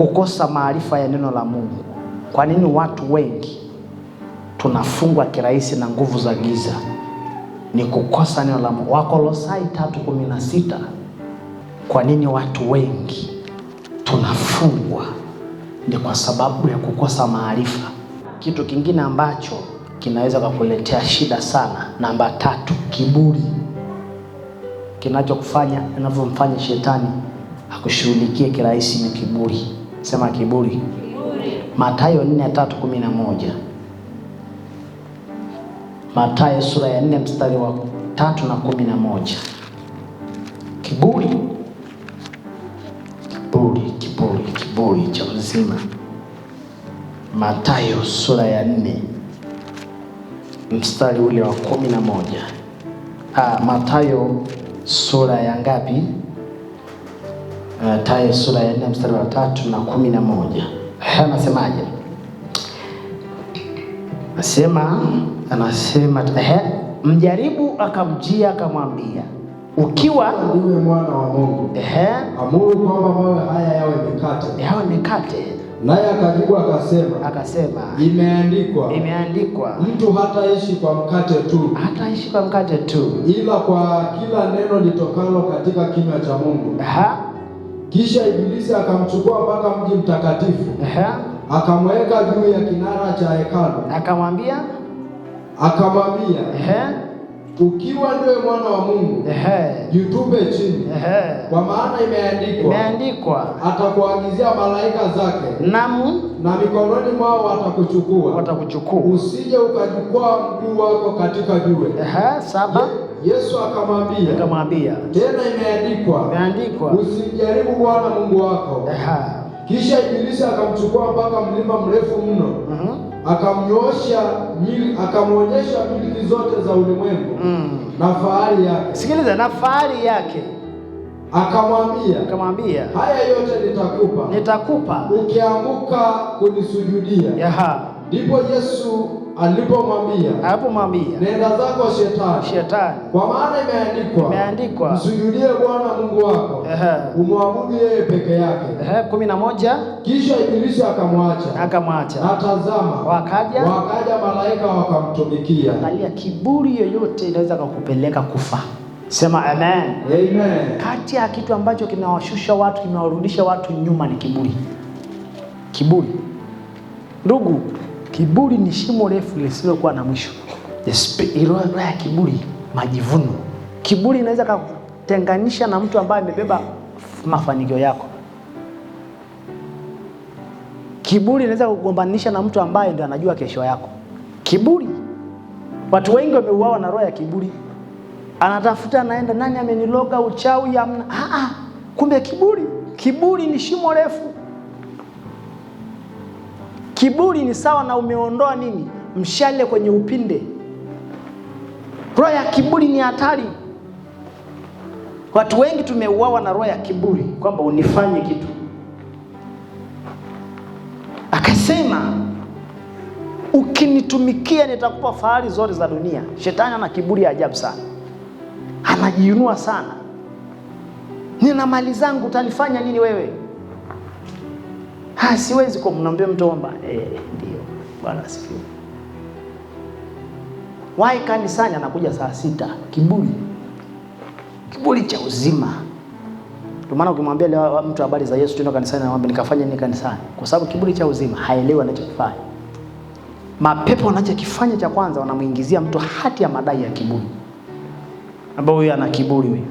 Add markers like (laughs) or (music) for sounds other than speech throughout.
kukosa maarifa ya neno la Mungu. Kwa nini watu wengi tunafungwa kirahisi na nguvu za giza? Ni kukosa neno la Mungu. Wakolosai tatu sita. Kwa nini watu wengi tunafungwa? Ni kwa sababu ya kukosa maarifa. Kitu kingine ambacho kinaweza kukuletea shida sana, namba tatu, kiburi kinachokufanya inavyomfanya shetani akushughulikie kirahisi ni kiburi sema kiburi. Mathayo nne tatu kumi na moja matayo sura ya nne mstari wa tatu na kumi na moja Kiburi, kiburi, kiburi, kiburi cha uzima. Mathayo sura ya nne mstari ule wa kumi na moja. Ah, Mathayo sura ya ngapi? uh, eh, Taya sura ya 4 mstari wa tatu na kumi na moja anasemaje? Anasema anasema mjaribu akamjia akamwambia ukiwa ndiwe mwana wa Mungu, ehe, amuru kwamba mawe haya yawe mikate, yawe mikate. Naye akajibu akasema, akasema imeandikwa, imeandikwa, mtu hataishi kwa mkate tu, hataishi kwa mkate tu, ila kwa kila neno litokalo katika kinywa cha Mungu. Aha. Kisha Ibilisi akamchukua mpaka mji mtakatifu akamweka juu ya kinara cha hekalu, akamwambia akamwambia, ukiwa ndiwe mwana wa Mungu jitupe chini, kwa maana imeandikwa imeandikwa, atakuagizia malaika zake namu na mikononi mwao watakuchukua watakuchukua, usije ukajikwaa mguu wako katika jiwe. Saba. Yesu akamwambia akamwambia tena, imeandikwa imeandikwa, usimjaribu Bwana Mungu wako. Aha. Kisha Ibilisi akamchukua mpaka mlima mrefu mno, uh mhm. -huh. akamnyosha akamwonyesha milki zote za ulimwengu mm. na fahari yake. Sikiliza, na fahari yake akamwambia akamwambia, haya yote nitakupa nitakupa ukianguka kunisujudia. Ndipo Yesu alipomwambia alipomwambia, nenda zako shetani, shetani, kwa maana imeandikwa imeandikwa, msujudie Bwana Mungu wako umwabudu yeye peke yake. Ehe, kumi na moja. Kisha Ibilisi akamwacha akamwacha, atazama, wakaja wakaja malaika wakamtumikia. Angalia, kiburi yoyote inaweza kukupeleka kufa. Sema amen. Amen. Kati ya kitu ambacho kimewashusha watu kimewarudisha watu nyuma ni kiburi. Kiburi ndugu Kiburi ni shimo refu lisilokuwa na mwisho. Roho ya kiburi, majivuno. Kiburi inaweza kakutenganisha na mtu ambaye amebeba mafanikio yako. Kiburi inaweza kugombanisha na mtu ambaye ndo anajua kesho yako. Kiburi, watu wengi wameuawa na roho ya kiburi. Anatafuta, anaenda, nani ameniloga? Uchawi amna. Ah, ah, kumbe kiburi. Kiburi ni shimo refu. Kiburi ni sawa na umeondoa nini, mshale kwenye upinde. Roho ya kiburi ni hatari. Watu wengi tumeuawa na roho ya kiburi, kwamba unifanye kitu. Akasema, ukinitumikia nitakupa fahari zote za dunia. Shetani ana kiburi ya ajabu sana, anajiinua sana. Nina mali zangu, utanifanya nini wewe? ha, siwezi kwa, mnaambia mtu omba eh, ndio bwana asifiwe. Wai kanisani anakuja saa sita, kiburi, kiburi cha uzima. Ndio maana ukimwambia leo mtu habari za Yesu, tuenda kanisani, anamwambia nikafanya nini kanisani? Kwa sababu kiburi cha uzima, haelewi anachokifanya. Mapepo wanachokifanya cha kwanza, wanamuingizia mtu hati ya madai ya kiburi, ambao huyo ana kiburi huyo.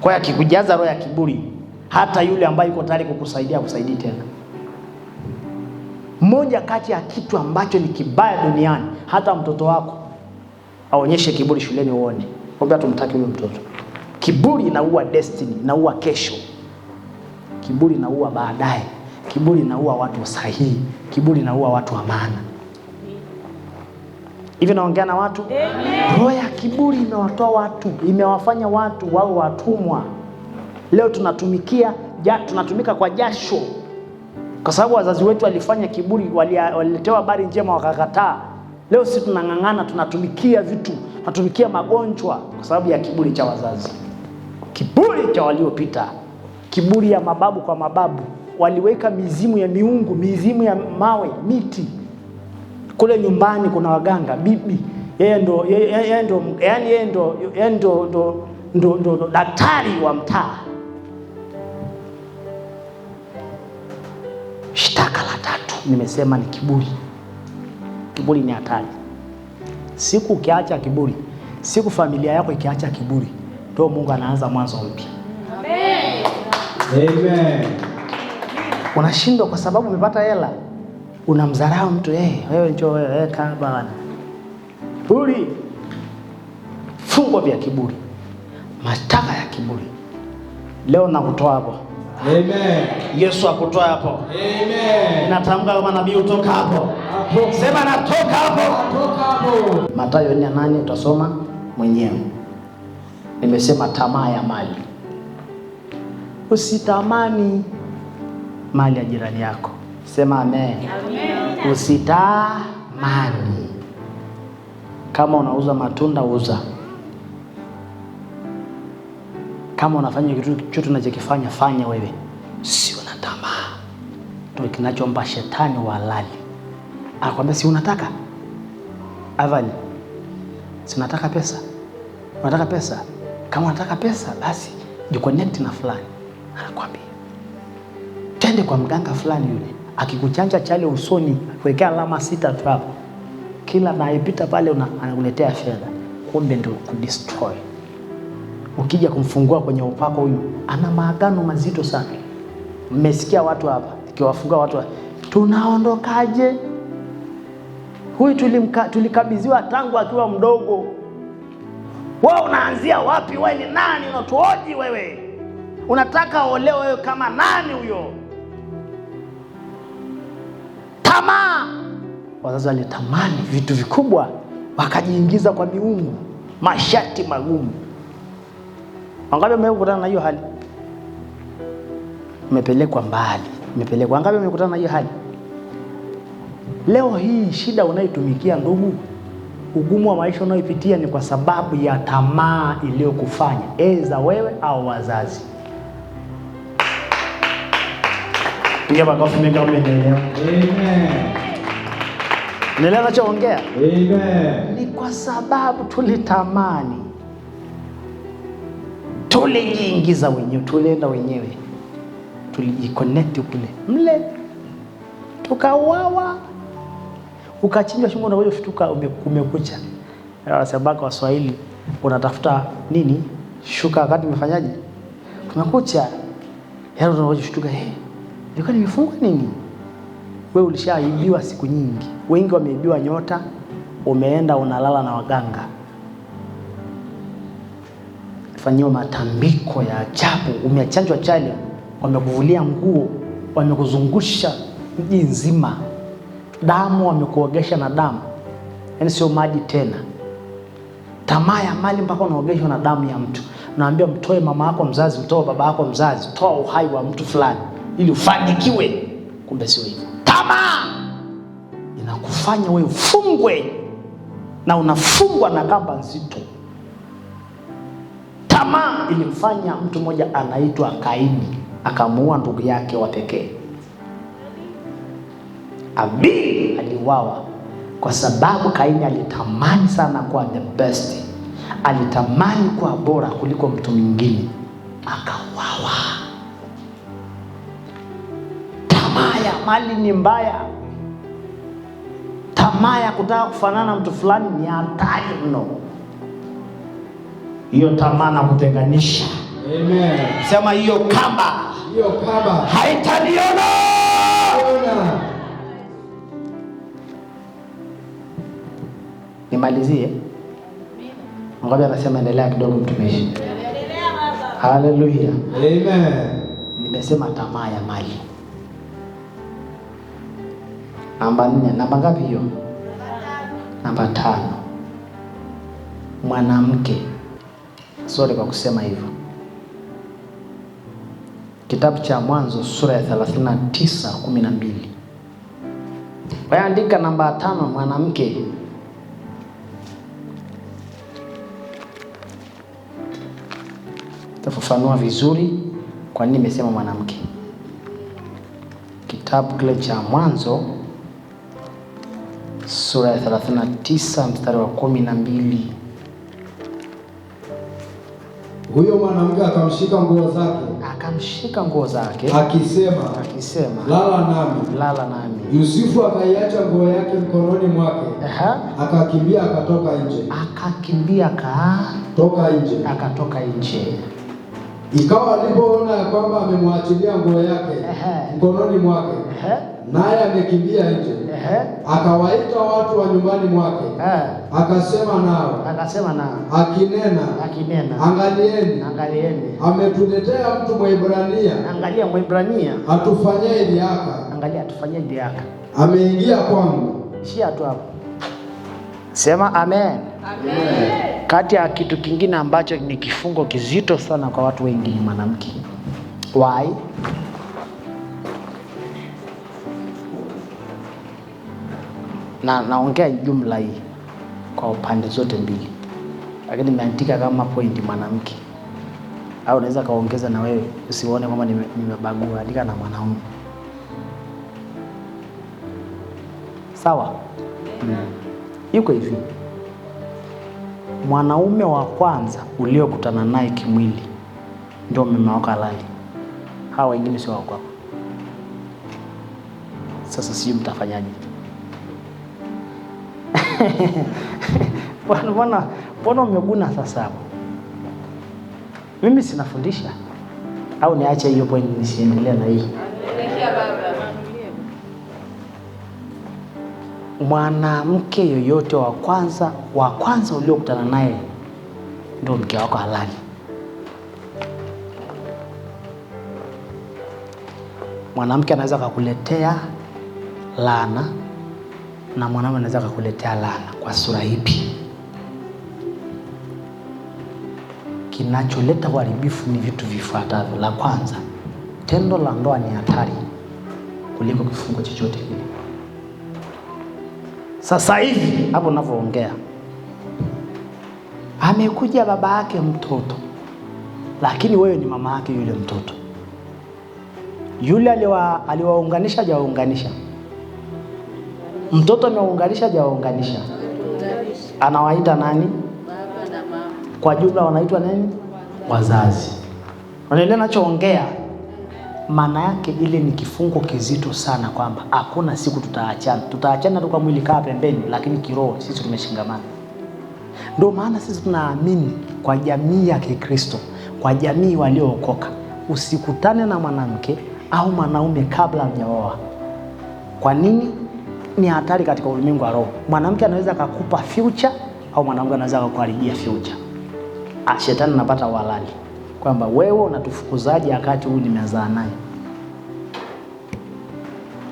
Kwa hiyo akikujaza roho ya kiburi, hata yule ambaye yuko tayari kukusaidia akusaidii tena. Moja kati ya kitu ambacho ni kibaya duniani, hata mtoto wako aonyeshe kiburi shuleni, uone kwamba tumtaki huyo mtoto. Kiburi inaua destiny, inaua kesho. Kiburi inaua baadaye. Kiburi inaua watu sahihi. Kiburi inaua watu wa maana. Hivi naongea na watu, roho ya kiburi imewatoa watu, imewafanya watu wao watumwa. Leo tunatumikia ja, tunatumika kwa jasho kwa sababu wazazi wetu walifanya kiburi, waliletewa habari njema wakakataa. Leo sisi tunang'ang'ana, tunatumikia vitu, tunatumikia magonjwa kwa sababu ya kiburi cha wazazi, kiburi cha waliopita, kiburi ya mababu kwa mababu. Waliweka mizimu ya miungu, mizimu ya mawe, miti. Kule nyumbani kuna waganga, bibi yeye ndo, yeye ndo, yani yeye ndo, yeye ndo, ndo, ndo, ndo daktari wa mtaa nimesema ni kiburi. Kiburi ni hatari. Siku ukiacha kiburi, siku familia yako ikiacha kiburi, ndio Mungu anaanza mwanzo mpya. Amen. Amen. Unashindwa kwa sababu umepata hela, unamdharau mtu eh, hey, wewe njoo wewe eh, kaa bana. Kiburi. Fungo vya kiburi. Mashtaka ya kiburi. Leo nakutoa hapo. Amen. Yesu akutoa hapo. Amen. Natamka kama nabii utoka hapo. Sema natoka hapo. Natoka hapo. Mathayo 4:8 utasoma mwenyewe. Nimesema tamaa ya mali. Usitamani mali ya jirani yako. Sema amen. Amen. Usitamani. Kama unauza matunda uza kama unafanya kitu chochote unachokifanya fanya wewe, si una tamaa. Ndio kinachomba shetani wa halali akwambia, si unataka avani, si unataka pesa, unataka pesa. Kama unataka pesa, basi jiconnect na fulani, anakwambia twende kwa mganga fulani, yule akikuchanja chale usoni, kuwekea alama sita tu hapo, kila anayepita pale anakuletea fedha. Kumbe ndio kudestroy ukija kumfungua kwenye upako huyu ana maagano mazito sana. Mmesikia watu hapa tukiwafungua watu, tunaondokaje? Huyu tulikabidhiwa tangu akiwa mdogo. Wewe unaanzia wapi? Wewe ni nani? Unatuoji wewe? Unataka olewe wewe kama nani huyo? Tamaa. Wazazi walitamani vitu vikubwa, wakajiingiza kwa miungu, mashati magumu Wangapi wamekutana na hiyo hali? Umepelekwa mbali, umepelekwa. Wangapi wamekutana na hiyo hali? Leo hii shida unayotumikia ndugu, ugumu wa maisha unayopitia ni kwa sababu ya tamaa iliyokufanya eza wewe au wazazi. Piga makofi mengi kama Amen. Nielewa nachoongea? Amen. Ni kwa sababu tulitamani tulijiingiza wenyewe, tulienda wenyewe, tulijikonekti kule mle, tukauawa, ukachinjwa shingo, unakuja kushtuka umekucha. Yaani Wanasemaka Waswahili, unatafuta nini? Shuka wakati umefanyaje? Kumekucha. Yaani unakuja kushtuka, hey, eh, nilikuwa nimefungwa nini? Wewe ulishaibiwa siku nyingi, wengi wameibiwa nyota, umeenda unalala na waganga fanyiwa matambiko ya ajabu. Umechanjwa chale, wamekuvulia nguo, wamekuzungusha mji nzima, damu wamekuogesha na damu, yaani sio maji tena, tamaa ya mali mpaka unaogeshwa na damu ya mtu. Naambia mtoe mama yako mzazi, mtoe baba yako mzazi, toa uhai wa mtu fulani ili ufanikiwe. Kumbe sio hivyo, tamaa inakufanya wewe ufungwe, na unafungwa na kamba nzito tamaa ilimfanya mtu mmoja anaitwa Kaini akamuua ndugu yake wa pekee. Abili aliuawa kwa sababu Kaini alitamani sana kuwa the best, alitamani kuwa bora kuliko mtu mwingine, akauawa. Tamaa ya mali ni mbaya. Tamaa ya kutaka kufanana na mtu fulani ni hatari mno hiyo tamaa na kutenganisha. Amen. Sema hiyo kamba, hiyo kamba haitaniona. Nimalizie, ngoja anasema endelea kidogo, mtumishi. Haleluya. Amen. Nimesema tamaa ya mali namba nne. Namba ngapi hiyo? Namba tano, mwanamke Sorry kwa kusema hivyo. Kitabu cha Mwanzo sura ya 39 12. Kwa andika namba tano, mwanamke tafafanua vizuri kwa nini nimesema mwanamke. Kitabu kile cha Mwanzo sura ya 39 mstari wa 12. Huyo mwanamke akamshika nguo zake, akamshika nguo zake akisema, akisema lala nami, lala nami. Yusufu akaiacha nguo yake mkononi mwake, akakimbia akatoka nje, akakimbia akatoka nje, akatoka nje. Ikawa alipoona ya kwamba amemwachilia nguo yake mkononi mwake, naye amekimbia nje, akawaita watu wa nyumbani mwake, akasema nao akasema nao akinena akinena, angalieni angalieni, ametuletea mtu Mwebrania, angalia Mwebrania, atufanyie dhihaka, angalia atufanyie dhihaka, ameingia kwangu. Shia tu hapo, sema amen, amen. Kati ya kitu kingine ambacho ni kifungo kizito sana kwa watu wengi ni mwanamke. Why? Na naongea jumla hii kwa upande zote mbili, lakini nimeandika kama point mwanamke, au unaweza kaongeza na wewe usione kwamba nimebagua, nime andika na mwanaume, sawa? iko hmm. Yuko hivi mwanaume wa kwanza uliokutana naye kimwili ndio mume wako halali, hawa wengine sio wa kwako. Sasa sijui mtafanyaje? (laughs) Mbona mbona umeguna sasa hapo? Mimi sinafundisha au niache hiyo point nisiendelee na hii? mwanamke yoyote wa kwanza wa kwanza uliokutana naye ndio mke wako halali. Mwanamke anaweza akakuletea laana na mwanamume anaweza akakuletea laana. Kwa sura ipi? Kinacholeta uharibifu ni vitu vifuatavyo. La kwanza, tendo la ndoa ni hatari kuliko kifungo chochote kile sasa hivi hapo navyoongea amekuja baba yake mtoto, lakini wewe ni mama yake yule mtoto. Yule aliwa aliwaunganisha, hajawaunganisha? Mtoto amewaunganisha, hajawaunganisha? Anawaita nani? Kwa jumla wanaitwa nani? Wazazi. Unaelewa nachoongea? Maana yake ile ni kifungo kizito sana, kwamba hakuna siku tutaachana, tutaachana tu kwa mwili kaa pembeni, lakini kiroho sisi tumeshikamana. Ndio maana sisi tunaamini kwa jamii ya Kikristo, kwa jamii waliookoka, usikutane na mwanamke au mwanaume kabla hujaoa. Kwa nini? Ni hatari katika ulimwengu wa roho. Mwanamke anaweza akakupa future au mwanaume anaweza akakuharibia future. Ah, shetani anapata uhalali kwamba wewe unatufukuzaje wakati huyu nimezaa naye?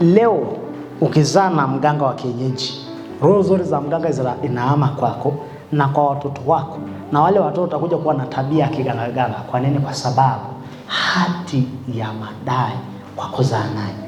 Leo ukizaa na mganga wa kienyeji, roho zote za mganga inaama kwako na kwa watoto wako, na wale watoto watakuja kuwa na tabia ya kigangaganga. Kwa nini? Kwa sababu hati ya madai kwa kuzaa naye